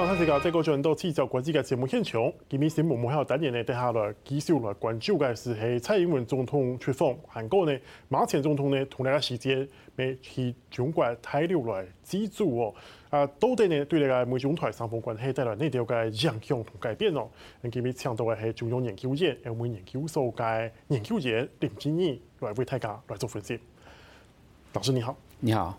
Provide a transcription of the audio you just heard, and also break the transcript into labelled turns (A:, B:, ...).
A: 《三
B: 十個在嗰陣多次就國際嘅事務牽強，佢哋事務唔喺度等人呢，等下來至少嚟關注嘅蔡英文總統出訪韓國呢。馬前總統呢同呢個時間未去中國停留嚟資助哦，啊，到底呢對呢個美中台三方關係帶來呢條影響同改變哦？今日請到嘅係中央研究院、歐美研究所的研究員林正義來為大家來做分析。老師你好，
A: 你好。